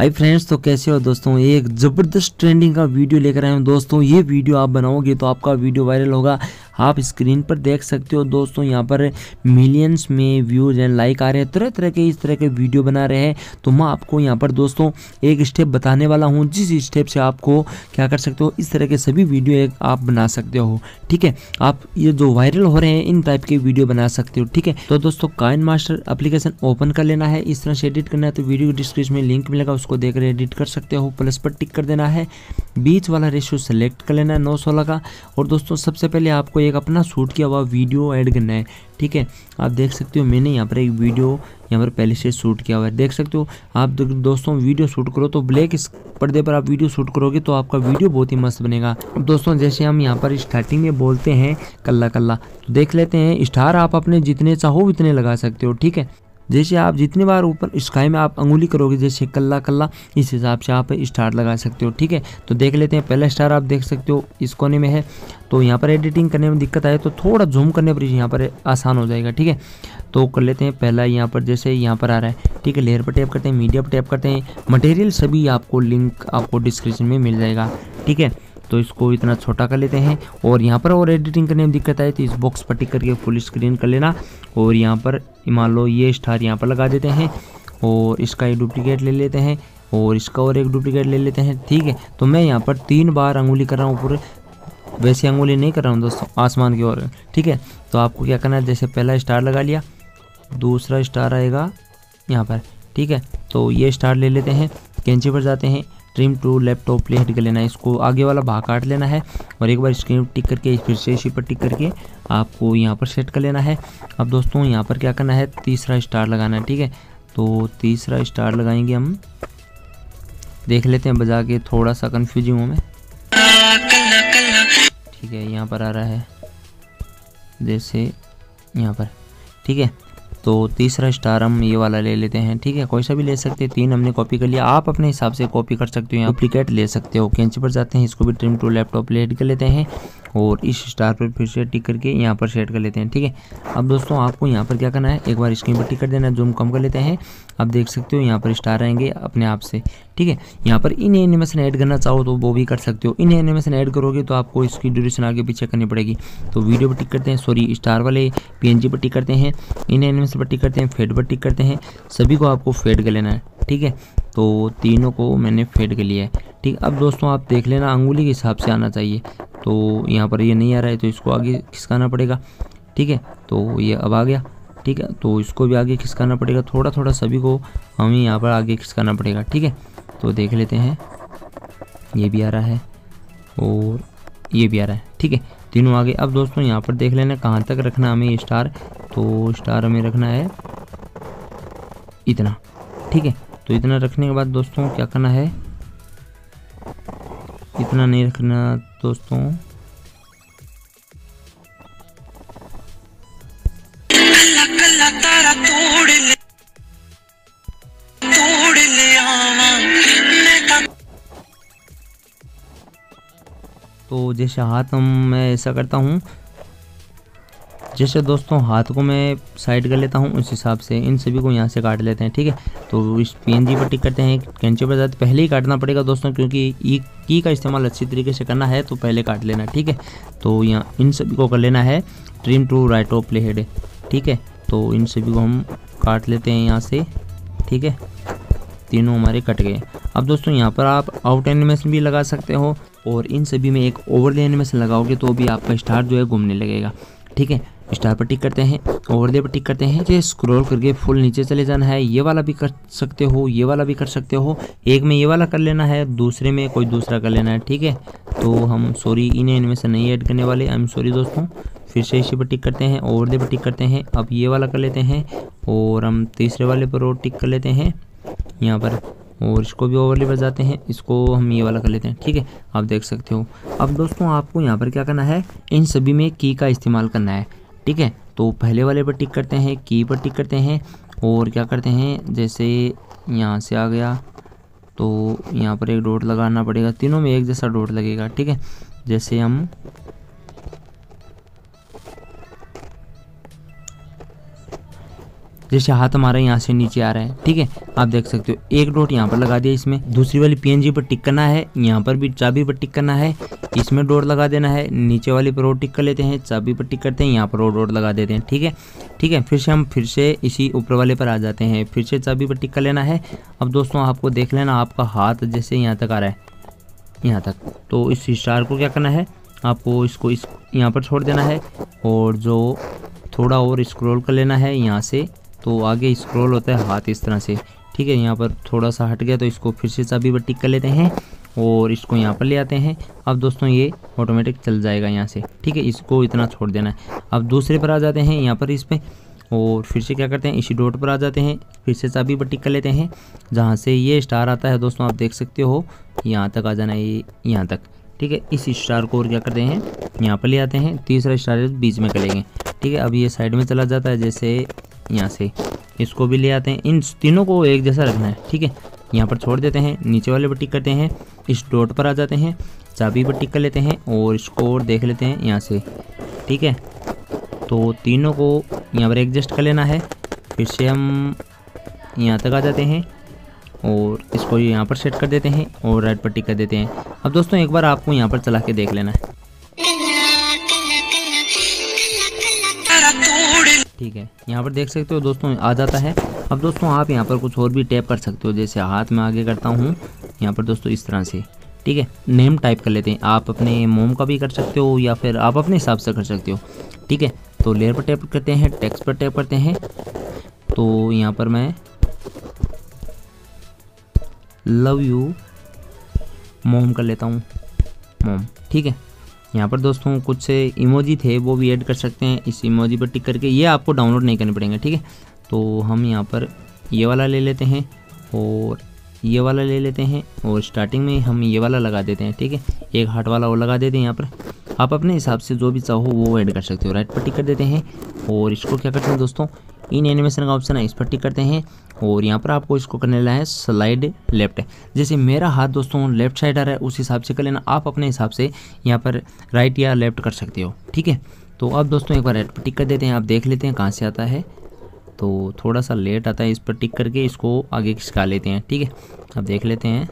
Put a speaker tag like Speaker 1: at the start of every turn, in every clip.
Speaker 1: हाय friends तो कैसे हो दोस्तों ये एक ज़बरदस्त ट्रेंडिंग का वीडियो लेकर आए हूँ दोस्तों ये वीडियो आप बनाओगे तो आपका वीडियो वायरल होगा आप स्क्रीन पर देख सकते हो दोस्तों यहाँ पर मिलियंस में व्यूज एंड लाइक आ रहे हैं तरह तरह के इस तरह के वीडियो बना रहे हैं तो मैं आपको यहाँ पर दोस्तों एक स्टेप बताने वाला हूँ जिस स्टेप से आपको क्या कर सकते हो इस तरह के सभी वीडियो एक आप बना सकते हो ठीक है आप ये जो वायरल हो रहे हैं इन टाइप के वीडियो बना सकते हो ठीक है तो दोस्तों काइन मास्टर अप्लीकेशन ओपन कर लेना है इस तरह से एडिट करना है तो वीडियो डिस्क्रिप्शन में लिंक मिलेगा उसको देख रहे एडिट कर सकते हो प्लस पर टिक कर देना है बीच वाला रेशियो सेलेक्ट कर लेना है नौ सोलह का और दोस्तों सबसे पहले आपको एक एक अपना शूट किया हुआ वीडियो ऐड करना है ठीक है आप देख सकते हो मैंने यहाँ पर एक वीडियो यहाँ पर पहले से शूट किया हुआ है देख सकते हो आप दोस्तों वीडियो शूट करो तो ब्लैक पर्दे पर आप वीडियो शूट करोगे तो आपका वीडियो बहुत ही मस्त बनेगा दोस्तों जैसे हम यहाँ पर स्टार्टिंग में बोलते हैं कल्ला कल्ला तो देख लेते हैं स्टार आप अपने जितने चाहो उतने लगा सकते हो ठीक है जैसे आप जितनी बार ऊपर स्काई में आप अंगुली करोगे जैसे कल्ला कल्ला इस हिसाब से आप स्टार लगा सकते हो ठीक है तो देख लेते हैं पहला स्टार आप देख सकते हो इस कोने में है तो यहाँ पर एडिटिंग करने में दिक्कत आए तो थोड़ा जूम करने पर यहाँ पर आसान हो जाएगा ठीक है तो कर लेते हैं पहला यहाँ पर जैसे यहाँ पर आ रहा है ठीक है लेयर पर टैप करते हैं मीडिया पर टैप करते हैं मटेरियल सभी आपको लिंक आपको डिस्क्रिप्शन में मिल जाएगा ठीक है तो इसको इतना छोटा कर लेते हैं और यहाँ पर और एडिटिंग करने में दिक्कत आई तो इस बॉक्स पर टिक करके फुल स्क्रीन कर लेना और यहाँ पर मान लो ये स्टार यहाँ पर लगा देते हैं और इसका एक डुप्लीकेट ले लेते हैं और इसका और एक डुप्लीकेट ले लेते हैं ठीक है तो मैं यहाँ पर तीन बार अंगुली कर रहा हूँ पूरे वैसे अंगुली नहीं कर रहा हूँ दोस्तों आसमान की ओर ठीक है तो आपको क्या करना है जैसे पहला स्टार लगा लिया दूसरा स्टार आएगा यहाँ पर ठीक है तो ये स्टार ले लेते हैं कैंची पर जाते हैं स्ट्रीम टू लैपटॉप प्ले हट कर लेना है इसको आगे वाला भाग काट लेना है और एक बार स्क्रीन टिक करके फिर से इसी पर टिक करके आपको यहाँ पर सेट कर लेना है अब दोस्तों यहाँ पर क्या करना है तीसरा स्टार लगाना है ठीक है तो तीसरा स्टार लगाएंगे हम देख लेते हैं बजा के थोड़ा सा कन्फ्यूजिंग हूँ मैं ठीक है यहाँ पर आ रहा है जैसे यहाँ पर ठीक है तो तीसरा स्टार हम ये वाला ले लेते हैं ठीक है कोई सा भी ले सकते हैं तीन हमने कॉपी कर लिया आप अपने हिसाब से कॉपी कर सकते हो या डुप्लीकेट ले सकते हो कैंची पर जाते हैं इसको भी ट्रिम टू लैपटॉप लेट कर लेते हैं और इस स्टार पर फिर से टिक करके यहाँ पर सेट कर लेते हैं ठीक है अब दोस्तों आपको यहाँ पर क्या करना है एक बार स्क्रीन पर टिक कर देना जूम कम कर लेते हैं आप देख सकते हो यहाँ पर स्टार आएंगे अपने आप से ठीक है यहाँ पर इन एनिमेशन ऐड करना चाहो तो वो भी कर सकते हो इन एनिमेशन ऐड करोगे तो आपको इसकी ड्यूरेशन आगे पीछे करनी पड़ेगी तो वीडियो पर टिक करते हैं सॉरी स्टार वाले पी पर टिक करते हैं इन एनिमेशन पर टिक करते हैं फेड पर टिक करते हैं सभी को आपको फेड कर लेना है ठीक है तो तीनों को मैंने फेड कर लिया है ठीक अब दोस्तों आप देख लेना अंगुली के हिसाब से आना चाहिए तो यहाँ पर ये नहीं आ रहा है तो इसको आगे खिसकाना पड़ेगा ठीक है तो ये अब आ गया ठीक है तो इसको भी आगे खिसकाना पड़ेगा थोड़ा थोड़ा सभी को हमें यहाँ पर आगे खिसकाना पड़ेगा ठीक है तो देख लेते हैं ये भी आ रहा है और ये भी आ रहा है ठीक है तीनों आगे अब दोस्तों यहाँ पर देख लेना कहाँ तक रखना हमें स्टार तो स्टार हमें रखना है इतना ठीक है तो इतना रखने के बाद दोस्तों क्या करना है इतना नहीं रखना दोस्तों तो जैसे हाथ हम मैं ऐसा करता हूँ जैसे दोस्तों हाथ को मैं साइड कर लेता हूँ उस हिसाब से इन सभी को यहाँ से काट लेते हैं ठीक है तो इस पी पर टिक करते हैं कैंची पर जाते पहले ही काटना पड़ेगा दोस्तों क्योंकि ई e की का इस्तेमाल अच्छी तरीके से करना है तो पहले काट लेना ठीक है तो यहाँ इन सभी को कर लेना है trim to right of playhead ठीक है तो इन सभी को हम काट लेते हैं यहाँ से ठीक है तीनों हमारे कट गए अब दोस्तों यहाँ पर आप आउट एनिमेशन भी लगा सकते हो और इन सभी में एक ओवर एनिमेशन लगाओगे तो भी आपका स्टार जो है घूमने लगेगा ठीक है स्टार पर टिक करते हैं ओवर दे पर टिक करते हैं ये स्क्रॉल करके फुल नीचे चले जाना है ये वाला भी कर सकते हो ये वाला भी कर सकते हो एक में ये वाला कर लेना है दूसरे में कोई दूसरा कर लेना है ठीक है तो हम सॉरी इन्हें इनमें से नहीं ऐड करने वाले आई एम सॉरी दोस्तों फिर से इसी पर टिक करते हैं ओवर दे पर टिक करते हैं अब ये वाला कर लेते हैं और हम तीसरे वाले पर और टिक कर लेते हैं यहाँ पर और इसको भी ओवरले पर जाते हैं इसको हम ये वाला कर लेते हैं ठीक है आप देख सकते हो अब दोस्तों आपको यहाँ पर क्या करना है इन सभी में की का इस्तेमाल करना है ठीक है तो पहले वाले पर टिक करते हैं की पर टिक करते हैं और क्या करते हैं जैसे यहाँ से आ गया तो यहाँ पर एक डॉट लगाना पड़ेगा तीनों में एक जैसा डॉट लगेगा ठीक है जैसे हम जैसे हाथ हमारा यहाँ से नीचे आ रहा है ठीक है आप देख सकते हो एक डॉट यहाँ पर लगा दिया इसमें दूसरी वाली पीएनजी पर टिक करना है यहाँ पर भी चाबी पर टिक करना है इसमें डॉट लगा देना है नीचे वाली पर रोड टिक कर लेते हैं चाबी पर टिक करते हैं यहाँ पर और डॉट लगा देते हैं ठीक है ठीक है फिर से हम फिर से इसी ऊपर वाले पर आ जाते हैं फिर से चाबी पर टिक कर लेना है अब दोस्तों आपको देख लेना आपका हाथ जैसे यहाँ तक आ रहा है यहाँ तक तो इस स्टार को क्या करना है आपको इसको इस यहाँ पर छोड़ देना है और जो थोड़ा और स्क्रॉल कर लेना है यहाँ से तो आगे स्क्रॉल होता है हाथ इस तरह से ठीक है यहाँ पर थोड़ा सा हट गया तो इसको फिर से चाबी पर टिक कर लेते हैं और इसको यहाँ पर ले आते हैं अब दोस्तों ये ऑटोमेटिक चल जाएगा यहाँ से ठीक है इसको इतना छोड़ देना है अब दूसरे पर आ जाते हैं यहाँ पर इस पर और फिर से क्या करते हैं इसी डोट पर आ जाते हैं फिर से चाबी पर टिक कर लेते हैं जहाँ से ये स्टार आता है दोस्तों आप देख सकते हो यहाँ तक आ जाना है ये यहाँ तक ठीक है इस स्टार को और क्या करते हैं यहाँ पर ले आते हैं तीसरा स्टार बीच में करेंगे ठीक है अब ये साइड में चला जाता है जैसे यहाँ से इसको भी ले आते हैं इन तीनों को एक जैसा रखना है ठीक है यहाँ पर छोड़ देते हैं नीचे वाले पर टिक करते हैं इस डोट पर आ जाते हैं चाबी पर टिक कर लेते हैं और इसको और देख लेते हैं यहाँ से ठीक है तो तीनों को यहाँ पर एडजस्ट कर लेना है फिर से हम यहाँ तक आ जाते हैं और इसको यहाँ पर सेट कर देते हैं और राइट पर टिक कर देते हैं अब दोस्तों एक बार आपको यहाँ पर चला के देख लेना है ठीक है यहाँ पर देख सकते हो दोस्तों आ जाता है अब दोस्तों आप यहाँ पर कुछ और भी टैप कर सकते हो जैसे हाथ में आगे करता हूँ यहाँ पर दोस्तों इस तरह से ठीक है नेम टाइप कर लेते हैं आप अपने मोम का भी कर सकते हो या फिर आप अपने हिसाब से कर सकते हो ठीक है तो लेयर पर टैप करते हैं टेक्स्ट पर टैप करते हैं तो यहाँ पर मैं लव यू मोम कर लेता हूँ मोम ठीक है यहाँ पर दोस्तों कुछ से इमोजी थे वो भी ऐड कर सकते हैं इस इमोजी पर टिक करके ये आपको डाउनलोड नहीं करने पड़ेंगे ठीक है तो हम यहाँ पर ये वाला ले लेते हैं और ये वाला ले लेते हैं और स्टार्टिंग में हम ये वाला लगा देते हैं ठीक है एक हार्ट वाला वो लगा देते हैं यहाँ पर आप अपने हिसाब से जो भी चाहो वो ऐड कर सकते हो राइट पर टिक कर देते हैं और इसको क्या करते हैं दोस्तों इन एनिमेशन का ऑप्शन है इस पर टिक करते हैं और यहाँ पर आपको इसको करने लगा है स्लाइड लेफ्ट जैसे मेरा हाथ दोस्तों लेफ्ट साइड आ रहा है उस हिसाब से कर लेना आप अपने हिसाब से यहाँ पर राइट या लेफ्ट कर सकते हो ठीक है तो अब दोस्तों एक बार राइट पर टिक कर देते हैं आप देख लेते हैं कहाँ से आता है तो थोड़ा सा लेट आता है इस पर टिक करके इसको आगे खिसका लेते हैं ठीक है अब देख लेते हैं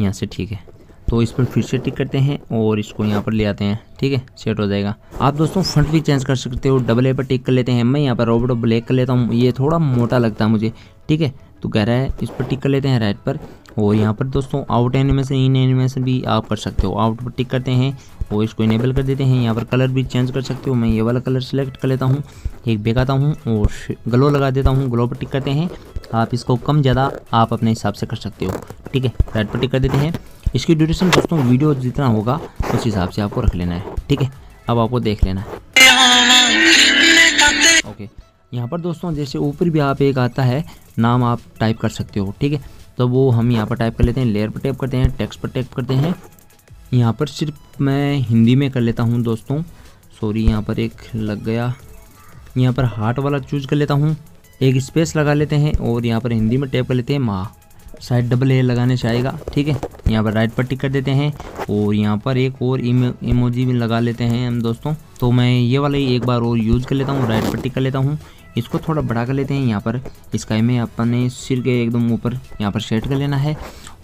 Speaker 1: यहाँ से ठीक है तो इस पर फिर से टिक करते हैं और इसको यहाँ पर ले आते हैं ठीक है सेट हो जाएगा आप दोस्तों फ्रंट भी चेंज कर सकते हो डबल ए पर टिक कर लेते हैं मैं यहाँ पर रोबोट ब्लैक कर लेता हूँ ये थोड़ा मोटा लगता है मुझे ठीक है तो कह रहा है इस पर टिक कर लेते हैं राइट पर और यहाँ पर दोस्तों आउट एनिमेशन इन एनिमेशन भी आप कर सकते हो आउट पर टिक करते हैं और इसको इनेबल कर देते हैं यहाँ पर कलर भी चेंज कर सकते हो मैं ये वाला कलर सेलेक्ट कर लेता हूँ एक बेगाता हूँ और ग्लो लगा देता हूँ ग्लो पर टिक करते हैं आप इसको कम ज़्यादा आप अपने हिसाब से कर सकते हो ठीक है राइट पर टिक कर देते हैं इसकी ड्यूरेशन दोस्तों वीडियो जितना होगा उस हिसाब से आपको रख लेना है ठीक है अब आपको देख लेना है ओके यहाँ पर दोस्तों जैसे ऊपर भी आप एक आता है नाम आप टाइप कर सकते हो ठीक है तो वो हम यहाँ पर टाइप कर लेते हैं लेयर पर टाइप करते हैं टेक्स्ट पर टाइप करते हैं यहाँ पर सिर्फ मैं हिंदी में कर लेता हूँ दोस्तों सॉरी यहाँ पर एक लग गया यहाँ पर हार्ट वाला चूज कर लेता हूँ एक स्पेस लगा लेते हैं और यहाँ पर हिंदी में टैप कर लेते हैं माँ साइड डबल ए लगाने से आएगा ठीक है यहाँ पर राइट पर टिक कर देते हैं और यहाँ पर एक और इमोजी भी लगा लेते हैं हम दोस्तों तो मैं ये वाला ही एक बार और यूज़ कर लेता हूँ राइट पर टिक कर लेता हूँ इसको थोड़ा बढ़ा कर लेते हैं यहाँ पर स्काई में अपने सिर के एकदम ऊपर यहाँ पर सेट कर लेना है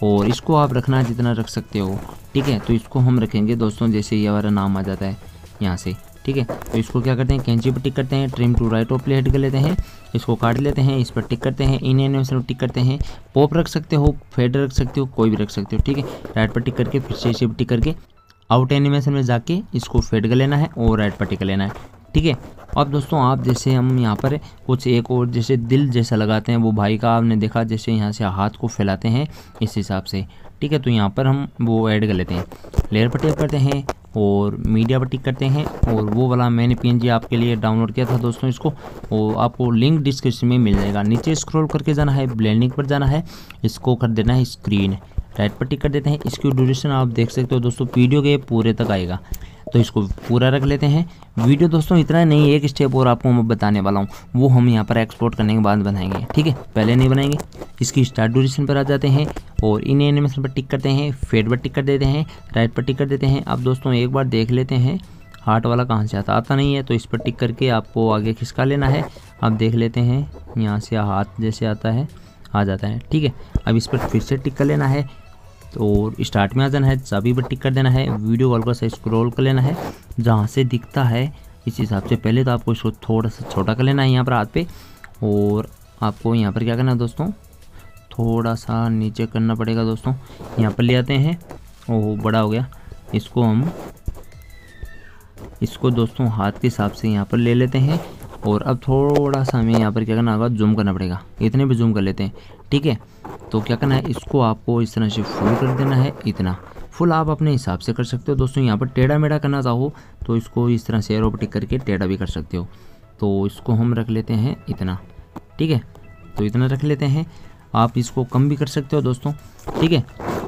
Speaker 1: और इसको आप रखना जितना रख सकते हो ठीक है तो इसको हम रखेंगे दोस्तों जैसे ये हमारा नाम आ जाता है यहाँ से ठीक है तो इसको क्या करते हैं कैंची पर टिक करते हैं trim to right of plate कर लेते हैं इसको काट लेते हैं इस पर टिक करते हैं इन एनिमेशन पर टिक करते हैं पॉप रख सकते हो फेड रख सकते हो कोई भी रख सकते हो ठीक है राइट पर टिक करके फिर से इसे पर टिक करके आउट एनिमेशन में जाके इसको फेड कर लेना है और राइट पर टिक लेना है ठीक है अब दोस्तों आप जैसे हम यहाँ पर कुछ एक और जैसे दिल जैसा लगाते हैं वो भाई का आपने देखा जैसे यहाँ से हाथ को फैलाते हैं इस हिसाब से ठीक है तो यहाँ पर हम वो ऐड कर लेते हैं लेयर पर टैप करते हैं और मीडिया पर टिक करते हैं और वो वाला मैंने पीएनजी आपके लिए डाउनलोड किया था दोस्तों इसको और आपको लिंक डिस्क्रिप्शन में मिल जाएगा नीचे स्क्रॉल करके जाना है ब्लैंडिंग पर जाना है इसको कर देना है स्क्रीन राइट पर टिक कर देते हैं इसकी ड्यूरेशन आप देख सकते हो दोस्तों वीडियो के पूरे तक आएगा तो इसको पूरा रख लेते हैं वीडियो दोस्तों इतना नहीं एक स्टेप और आपको मैं बताने वाला हूँ वो हम यहाँ पर एक्सपोर्ट करने के बाद बनाएंगे ठीक है पहले नहीं बनाएंगे इसकी स्टार्ट ड्यूरेशन पर आ जाते हैं और इन एनिमेशन पर टिक करते हैं फेड पर टिक कर देते हैं राइट पर टिक कर देते हैं आप दोस्तों एक बार देख लेते हैं हार्ट वाला कहाँ से आता आता नहीं है तो इस पर टिक करके आपको आगे खिसका लेना है आप देख लेते हैं यहाँ से हाथ जैसे आता है आ जाता है ठीक है अब इस पर फिर से टिक कर लेना है तो स्टार्ट में आ जाना है चाबी पर टिक कर देना है वीडियो कॉल को सही स्क्रोल कर लेना है जहाँ से दिखता है इस हिसाब से पहले तो आपको इसको थोड़ा सा छोटा कर लेना है यहाँ पर हाथ पे और आपको यहाँ पर क्या करना है दोस्तों थोड़ा सा नीचे करना पड़ेगा दोस्तों यहाँ पर ले आते हैं ओह बड़ा हो गया इसको हम इसको दोस्तों हाथ के हिसाब से यहाँ पर ले लेते हैं और अब थोड़ा सा हमें यहाँ पर क्या करना होगा जूम करना पड़ेगा इतने भी जूम कर लेते हैं ठीक है तो क्या करना है इसको आपको इस तरह से फुल कर देना है इतना फुल आप अपने हिसाब से कर सकते हो दोस्तों यहाँ पर टेढ़ा मेढ़ा करना चाहो तो इसको इस तरह से एरोबेटिक करके टेढ़ा भी कर सकते हो तो इसको हम रख लेते हैं इतना ठीक है तो इतना रख लेते हैं आप इसको कम भी कर सकते हो दोस्तों ठीक है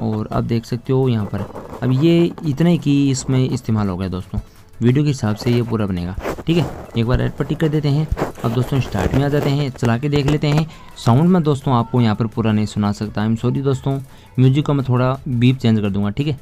Speaker 1: और अब देख सकते हो यहाँ पर अब ये इतने की इसमें इस्तेमाल हो गया दोस्तों वीडियो के हिसाब से ये पूरा बनेगा ठीक है एक बार एड पर टिक कर देते हैं अब दोस्तों स्टार्ट में आ जाते हैं चला के देख लेते हैं साउंड में दोस्तों आपको यहाँ पर पूरा नहीं सुना सकता आई एम सॉरी दोस्तों म्यूजिक का मैं थोड़ा बीप चेंज कर दूंगा ठीक है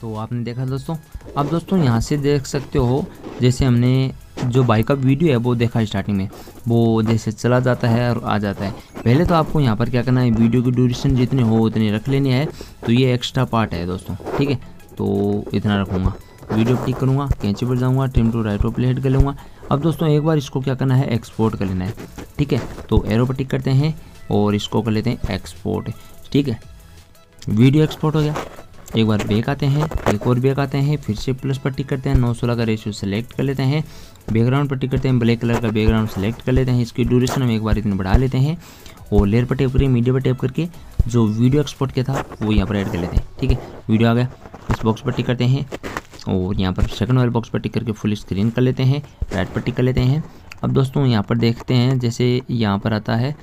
Speaker 1: तो आपने देखा दोस्तों अब दोस्तों यहाँ से देख सकते हो जैसे हमने जो बाइक का वीडियो है वो देखा स्टार्टिंग में वो जैसे चला जाता है और आ जाता है पहले तो आपको यहाँ पर क्या करना है वीडियो की ड्यूरेशन जितने हो उतने रख लेने है तो ये एक्स्ट्रा पार्ट है दोस्तों ठीक है तो इतना रखूँगा वीडियो क्लिक करूँगा कैंची पर जाऊँगा ट्रिम टू राइट पर प्लेट कर लूँगा अब दोस्तों एक बार इसको क्या करना है एक्सपोर्ट कर लेना है ठीक है तो एरो पर टिक करते हैं और इसको कर लेते हैं एक्सपोर्ट ठीक है वीडियो एक्सपोर्ट हो गया एक बार बेक आते हैं एक और बेक आते हैं फिर से प्लस पर टिक करते हैं नौ सोलह का रेशियो सेलेक्ट कर लेते हैं बैकग्राउंड पर टिक करते हैं ब्लैक कलर का बैकग्राउंड सेलेक्ट कर लेते हैं इसकी ड्यूरेशन हम एक बार इतनी बढ़ा लेते हैं और लेयर पर टैप करिए मीडिया पर टैप करके जो वीडियो एक्सपोर्ट किया था वो यहाँ पर ऐड कर लेते हैं ठीक है वीडियो आ गया इस बॉक्स पर टिक करते हैं और यहाँ पर सेकंड वाले बॉक्स पर टिक करके फुल स्क्रीन कर लेते हैं राइट पर टिक कर लेते हैं अब दोस्तों यहाँ पर देखते हैं जैसे यहाँ पर आता है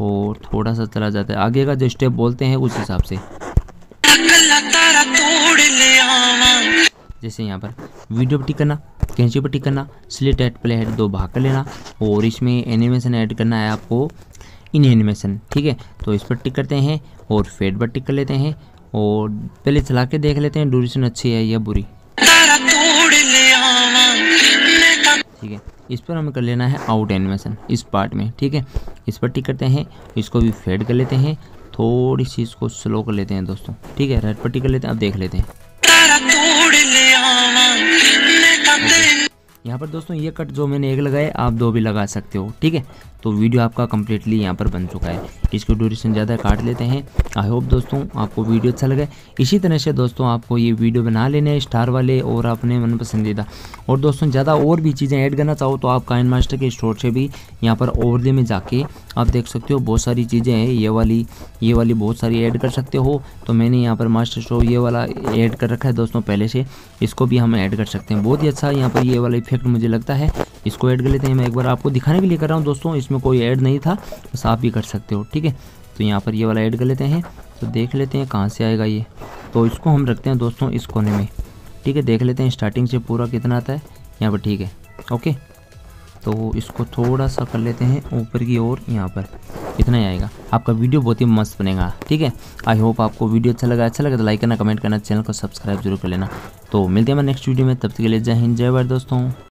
Speaker 1: और थोड़ा सा चला जाता है आगे का जो स्टेप बोलते हैं उस हिसाब से जैसे यहाँ पर वीडियो पर टिक करना कैंसी पर टिक करना स्लेट एट प्ले हेड दो भाग कर लेना और इसमें एनिमेशन ऐड करना है आपको इन एनिमेशन ठीक है तो इस पर टिक करते हैं और फेड पर टिक कर लेते हैं और पहले चला के देख लेते हैं ड्यूरेशन अच्छी है या बुरी ठीक है इस पर हमें कर लेना है आउट एनिमेशन इस पार्ट में ठीक है इस पर टिक करते हैं इसको भी फेड कर लेते हैं थोड़ी सी इसको स्लो कर लेते हैं दोस्तों ठीक है रेड पर टिक कर लेते हैं अब देख लेते हैं यहाँ पर दोस्तों ये कट जो मैंने एक लगाए आप दो भी लगा सकते हो ठीक है तो वीडियो आपका कम्प्लीटली यहाँ पर बन चुका है इसको ड्यूरेशन ज़्यादा काट लेते हैं आई होप दोस्तों आपको वीडियो अच्छा लगे इसी तरह से दोस्तों आपको ये वीडियो बना लेने स्टार वाले और अपने मन पसंदीदा और दोस्तों ज़्यादा और भी चीज़ें ऐड करना चाहो तो आप काइन मास्टर के स्टोर से भी यहाँ पर ओवरले में जाके आप देख सकते हो बहुत सारी चीज़ें हैं ये वाली ये वाली बहुत सारी ऐड कर सकते हो तो मैंने यहाँ पर मास्टर शो ये वाला ऐड कर रखा है दोस्तों पहले से इसको भी हम ऐड कर सकते हैं बहुत ही अच्छा यहाँ पर ये वाला इफेक्ट मुझे लगता है इसको ऐड कर लेते हैं मैं एक बार आपको दिखाने के लिए कर रहा हूँ दोस्तों इस इसमें कोई ऐड नहीं था बस आप भी कर सकते हो ठीक है तो यहाँ पर ये वाला ऐड कर लेते हैं तो देख लेते हैं कहाँ से आएगा ये तो इसको हम रखते हैं दोस्तों इस कोने में ठीक है देख लेते हैं स्टार्टिंग से पूरा कितना आता है यहाँ पर ठीक है ओके तो इसको थोड़ा सा कर लेते हैं ऊपर की ओर यहाँ पर इतना ही आएगा आपका वीडियो बहुत ही मस्त बनेगा ठीक है आई होप आपको वीडियो अच्छा लगा अच्छा लगा तो लाइक करना कमेंट करना चैनल को सब्सक्राइब जरूर कर लेना तो मिलते हैं मैं नेक्स्ट वीडियो में तब तक के लिए जय हिंद जय भारत दोस्तों